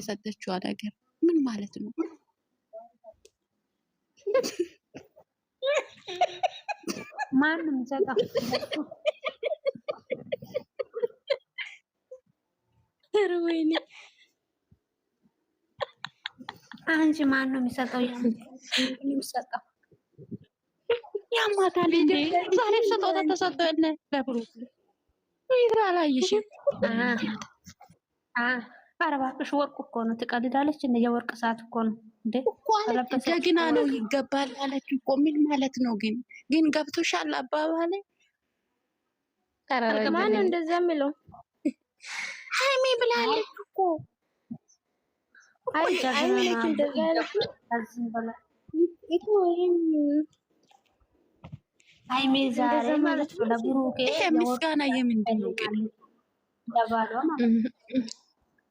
የሰጠችዋ ነገር ምን ማለት ነው? ማንም አንቺ ማን ነው የሚሰጠው? የሚሰጠው ያማታል እንዴ? ዛሬ ስጦታ ተሰጠ ለብሩ ይራ ላይ ኧረ እባክሽ ወርቅ እኮ ነው። ትቀልዳለች እንደ የወርቅ ሰዓት እኮ ነው እንዴ ደግና ነው ይገባል አለች እኮ ምን ማለት ነው? ግን ግን ገብቶሻል አባባሌ ማን ነው እንደዚ የሚለው ሀይሜ ብላለች እኮ ሀይሜ ዛሬ ማለት ነው ለብሩኬ ይሄ ምስጋና የምንድን ነው ግን ለባሏ ማለት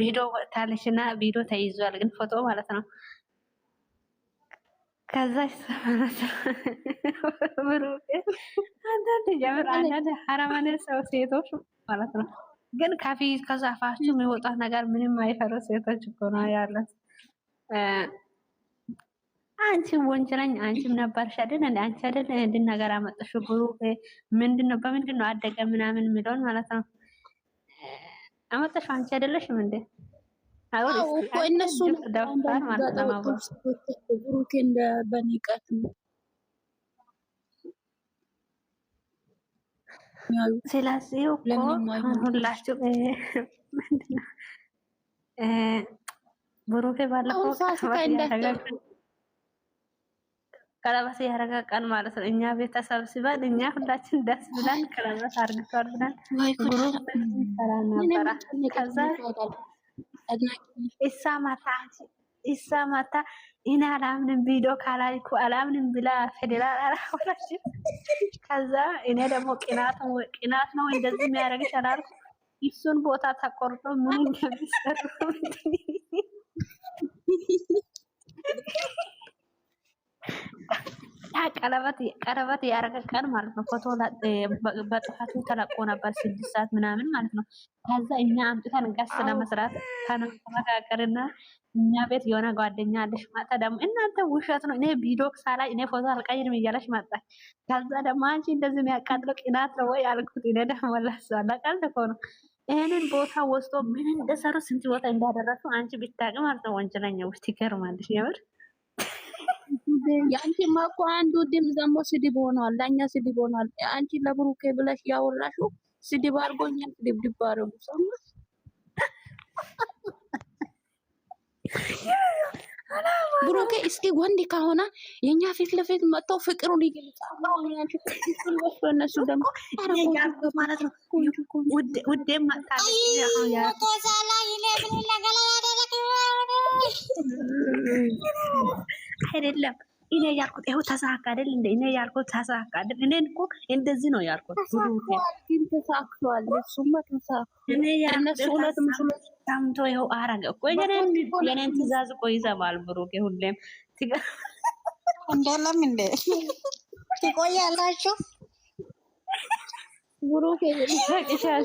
ቪዲዮ ወጥታለች እና ቪዲዮ ተይዟል፣ ግን ፎቶ ማለት ነው። ከዛ አንዳንድ ጀምር አንዳንድ ሀረማነ ሰው ሴቶች ማለት ነው። ግን ከፊ ከዛፋችሁ የሚወጣት ነገር ምንም አይፈሩ ሴቶች እኮ ነው ያለት። አንቺም ወንጀለኝ አንቺም ነበርሽ አይደል? እንዴ? አንቺ አይደል? እንድን ነገር አመጣሽ ብሩ ምንድን ነው በምንድን ነው አደገ ምናምን የሚለውን ማለት ነው አመጣሽ አንቺ አይደለሽም እንዴ? አሁን እኮ እነሱ ማለት ነው። እንደ በንቀት ስለዚህ እኮ ሁላችሁ ምንድን ቀለበት ያደረገ ማለት ነው። እኛ ቤተሰብ ሲባል እኛ ሁላችን ደስ ብለን ቀለበት አርግቷል ብለን ግሩፕ ሰራ ነበረ። ከዛ እሳ ማታ እሳ ማታ እኔ አላምንም ቪዲዮ ካላይኩ አላምንም ብላ ፌዴራል አላወራች። ከዛ እኔ ደግሞ ቅናት ቅናት ነው እንደዚህ የሚያደርግሽ አላልኩ። እሱን ቦታ ተቆርጦ ምን እንደሚሰሩ ቀለበት ቀለበት ያረገ ቀን ማለት ነው። ፎቶ በጥፋቱ ተለቆ ነበር ስድስት ሰዓት ምናምን ማለት ነው። ከዛ እኛ አምጥተን ጋስ ለመስራት ተነጋገርና እኛ ቤት የሆነ ጓደኛ አለሽ መጣ። ደግሞ እናንተ ውሸት ነው፣ እኔ ቢዶክሳ ላይ እኔ ፎቶ አልቀይርም እያለሽ መጣች። ከዛ ደግሞ አንቺ እንደዚህ የሚያቃጥለው ቅናት ነው ወይ አልኩት። እኔ ደግሞ ላስዋላ ቀልድ እኮ ነው። ይህንን ቦታ ወስዶ ምን እንደሰሩ ስንት ቦታ እንዳደረሱ አንቺ ብታቅም አልተ ነው። ወንጀለኛ ውስጥ ይገርማለሽ የምር የአንቺማ እኮ አንዱ ድምፅ ደግሞ ስድብ ሆኗል፣ ለእኛ ስድብ ሆኗል። አንቺ ለብሩኬ ብለሽ ያወራሹ ስድብ አድርጎኛል። ድብድብ አድርጉ ሰማሽ ብሩኬ እስኪ ወንድ ከሆነ የኛ ፊት ለፊት መጥቶ ፍቅሩን ይገልጻል። እነሱ ደግሞ አይደለም እኔ ያልኩት ይኸው ተሳካ አይደል? እንደ እኔ ያልኩት ተሳካ አይደል? እኔን እኮ እንደዚህ ነው ያልኩት። ተሳክቷል። እሱማ ተሳክቷል። ይኸው አረገ እኮ የኔን ትእዛዝ እኮ ይዘማል። ብሩክ ሁሌም እንደለም እንደ ትቆያላችሁ። ብሩክ ይሻል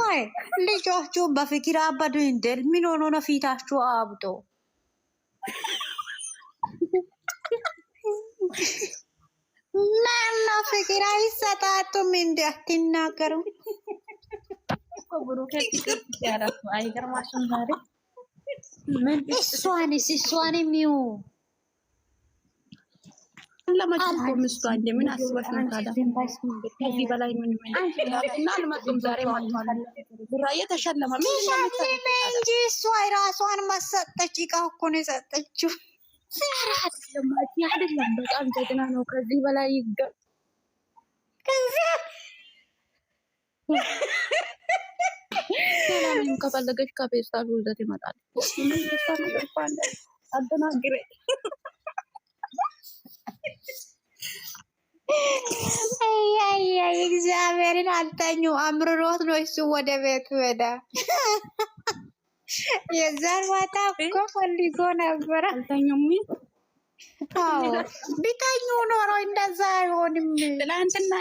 ቆይ ልጆቹን በፍቅር አበዱ እንድል ምን ሆኖ ነው ፊታችሁ አብዶ? ማና ፍቅር አይሰጣጡም እንዲ አትናገሩም። እሷንስ እሷን የሚው ለመች ምስቱ አንዴ ምን አስበሽ ነው ታዲያ? ከዚህ በላይ ምን ምን እና አልመጡም ዛሬ ማለት ማጥቷል። ቡራዬ ተሸለመ እንጂ እሷ ራሷን ማሰጠች እቃ እኮ ነው የሰጠችው። አይደለም በጣም ጀግና ነው። ከዚህ በላይ ይገ ከዚህ ሰላም ከፈለገች ከፌስታል ውዘት ይመጣል። አደናግሬ እግዚአብሔርን አልተኙ አምርሮት ነው እሱ ወደ ቤቱ ሄዳ የዛን ማታ እኮ ፈልጎ ነበረ። ቢተኙ ኖሮ እንደዛ አይሆንም። ትላንትና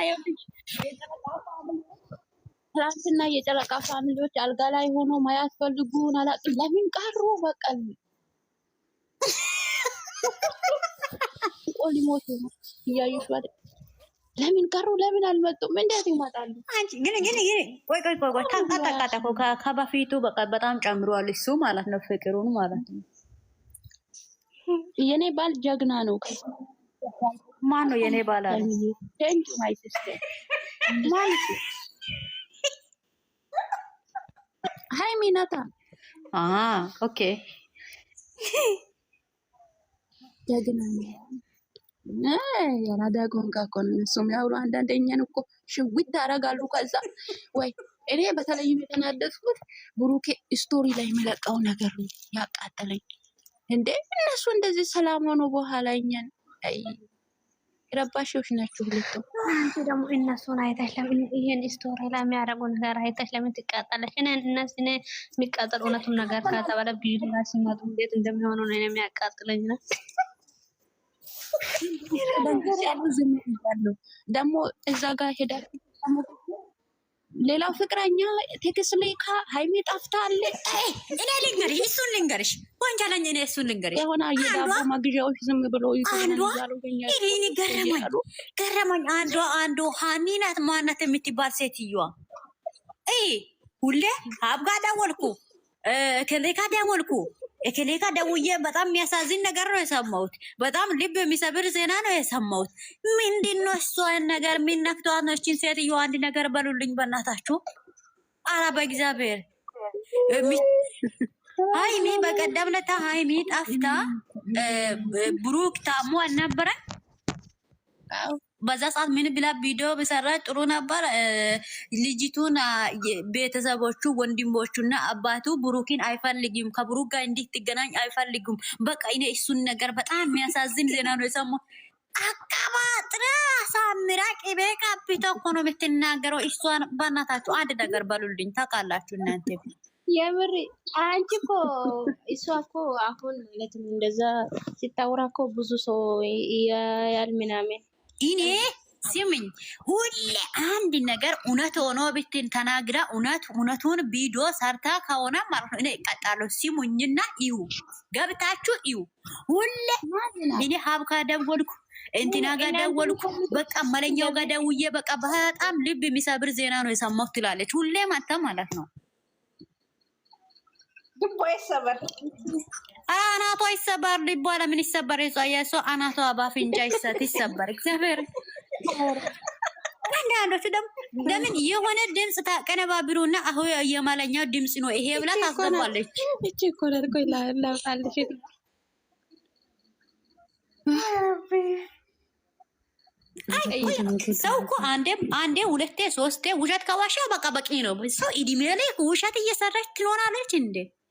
ትላንትና የጨረቃ ፋሚሊዎች አልጋ ላይ ሆኖ ማያት ፈልጉን ለምን ቀሩ በቀል ቆ ሊሞቱ ነው እያዩሽ ማለት ለምን ቀሩ? ለምን አልመጡም? እንዴት ይመጣሉ? አንቺ ግን ግን ግን ቆይ ቆይ ቆይ ቆይ ታቃጣቆ ከበፊቱ በቃ በጣም ጨምሯል እሱ ማለት ነው፣ ፍቅሩን ማለት ነው። የኔ ባል ጀግና ነው። ማን ነው የኔ ባል አለ? ቴንክ ማይ ሲስተር ማለት ሃይ ሚናታ አ ኦኬ ደግና ያላዳ ጎንጋ እኮ ነው እነሱ የሚያወሩ። አንዳንዴ እኛን እኮ ሽዊት ታደርጋሉ። ከዛ ወይ እኔ በተለይም የተናደድኩት ብሩኬ ስቶሪ ላይ የሚለቀው ነገር ያቃጠለኝ እንዴ። እነሱ እንደዚህ ሰላም ሆኖ በኋላ እኛን ረባሾች ናችሁ ሁለቱም። አንቺ ደግሞ እነሱን አይተሽ ለምን ይሄን ስቶሪ ላይ የሚያደርጉ ነገር አይተሽ ለምን ትቃጠለሽ? እኔ እነሱ እኔ የሚቃጠል እውነቱም ነገር ከተባለ ቢላ ሲመጡ እንዴት እንደሚሆኑ ነው የሚያቃጥለኝ ነው ደግሞ እዛ ጋር ሄዳ ሌላው ፍቅረኛ ቴክስት ልካ ሀይሜ ጣፍታ አለ። እኔ ልንገርሽ፣ እሱን ልንገርሽ፣ ወንጀለኝ እኔ እሱን ልንገርሽ። የሆነ የዳቦ መግዣዎች ዝም ብሎ ይገኛል። ገረመኝ። አንዷ አንዱ አንዱ ናት ማናት የምትባል ሴትዮዋ ሁሌ አብጋ ደወልኩ፣ ከሌካ ደወልኩ እከሌጋ ደውዬ በጣም የሚያሳዝን ነገር ነው የሰማሁት። በጣም ልብ የሚሰብር ዜና ነው የሰማሁት። ምንድን ነው እሷን ነገር የሚነክቷት ነው? እችን ሴትዮ አንድ ነገር በሉልኝ በእናታችሁ። አረ በእግዚአብሔር ሀይሚ በቀደም ለታ ሀይሚ ጠፍታ ብሩክ ታሞ አልነበረ በዛ ሰዓት ምን ብላ ቪዲዮ በሰራች ጥሩ ነበር። ልጅቱን ቤተሰቦቹ ወንድሞቹና አባቱ ብሩኪን አይፈልግም፣ ከብሩክ ጋር እንድትገናኝ አይፈልግም። በቃ እኔ እሱን ነገር በጣም የሚያሳዝን ዜና ነው የሰማሁ። አቀባጥራ ሳምራ ቅቤ ቀብቶ እኮ ነው የምትናገረው እሷ። በእናታችሁ አንድ ነገር በሉልኝ፣ ታውቃላችሁ እናንተ የምር አንቺ እኮ እሷ እኮ አሁን ማለት እንደዛ ሲታወራ እኮ ብዙ ሰው ያል ምናምን እኔ ስሚኝ፣ ሁሌ አንድ ነገር እውነት ሆኖ ብትን ተናግራ እውነት እውነቱን ቢዶ ሰርታ ከሆነ ማለት ነው እኔ እቀጣለሁ። ስሙኝና ይሁ ገብታችሁ ይሁ ሁሌ እኔ ሀብካ ደወልኩ እንትና ጋር ደወልኩ፣ በቃ መለኛው ጋር ደውዬ በቃ በጣም ልብ የሚሰብር ዜና ነው የሰማሁት ትላለች ሁሌ ማታ ማለት ነው ልቦ ይሰበር፣ አናቷ ይሰበር። ልቦ ለምን ይሰበር? የሷ አናቷ ባፍንጫ ይሰት ይሰበር። እግዚአብሔር አንዳንዶቹ ደግሞ ለምን የሆነ ድምፅ ታቀነባብሩና አሁ የማለኛው ድምፅ ነው ይሄ ብላ ታስገባለች። እቺ እኮ ናት። ላውጣልሽ ሰው እኮ አንዴ ሁለቴ ሶስቴ ውሸት ከዋሻ በቃ በቂ ነው። ሰው እድሜ ላይ ውሸት እየሰራች ትኖራለች እንዴ?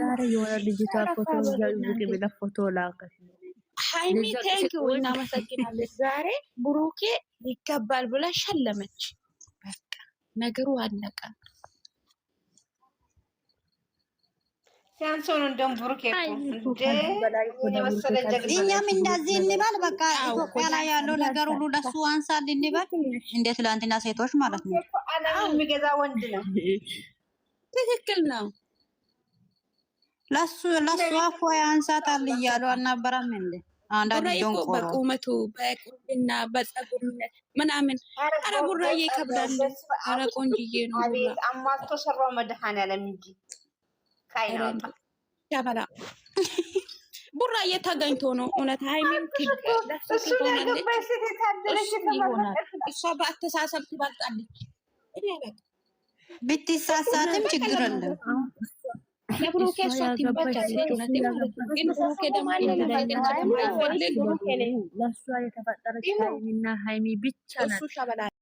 ዛሬ የሆነ ልጅቷ ፎቶ ዝቅ ብላ ፎቶ ላከች። ሀይሚ ዩ እናመሰግናለች። ዛሬ ብሩኬ ይገባል ብላ ሸለመች። በቃ ነገሩ አለቀ። ሲያንሶኑን እንደም ብሩኬ እኛም እንደዚህ እንበል። በቃ ኢትዮጵያ ላይ ያለው ነገር ሁሉ ለሱ አንሳል እንበል። እንደ ትላንትና ሴቶች ማለት ነው። የሚገዛ ወንድ ነው። ትክክል ነው። ለሱ ለሱ አፎ ያንሳታል እያሉ አናበራም እንዴ? አንዳንድ ዶንቆ በቁመቱ በቁንጅና በጸጉር ምናምን። አረ ቡራዬ ይከብዳል። አረ ቆንጅዬ ነው። አቤት አማቶ ሰራው መድኃኔዓለም እንጂ ካይናባ ያበላ ቡራዬ ተገኝቶ ነው እውነት። ሃይሚም ይሆናል። እሷ በአስተሳሰብ ትበልጣለች ብትሳሳትም ችግር የለም። የብሩኬ እሷ ትባቻለች። ግን ብሩኬ ደግሞ ለእሷ የተፈጠረች ሀይሚ ብቻ ናት።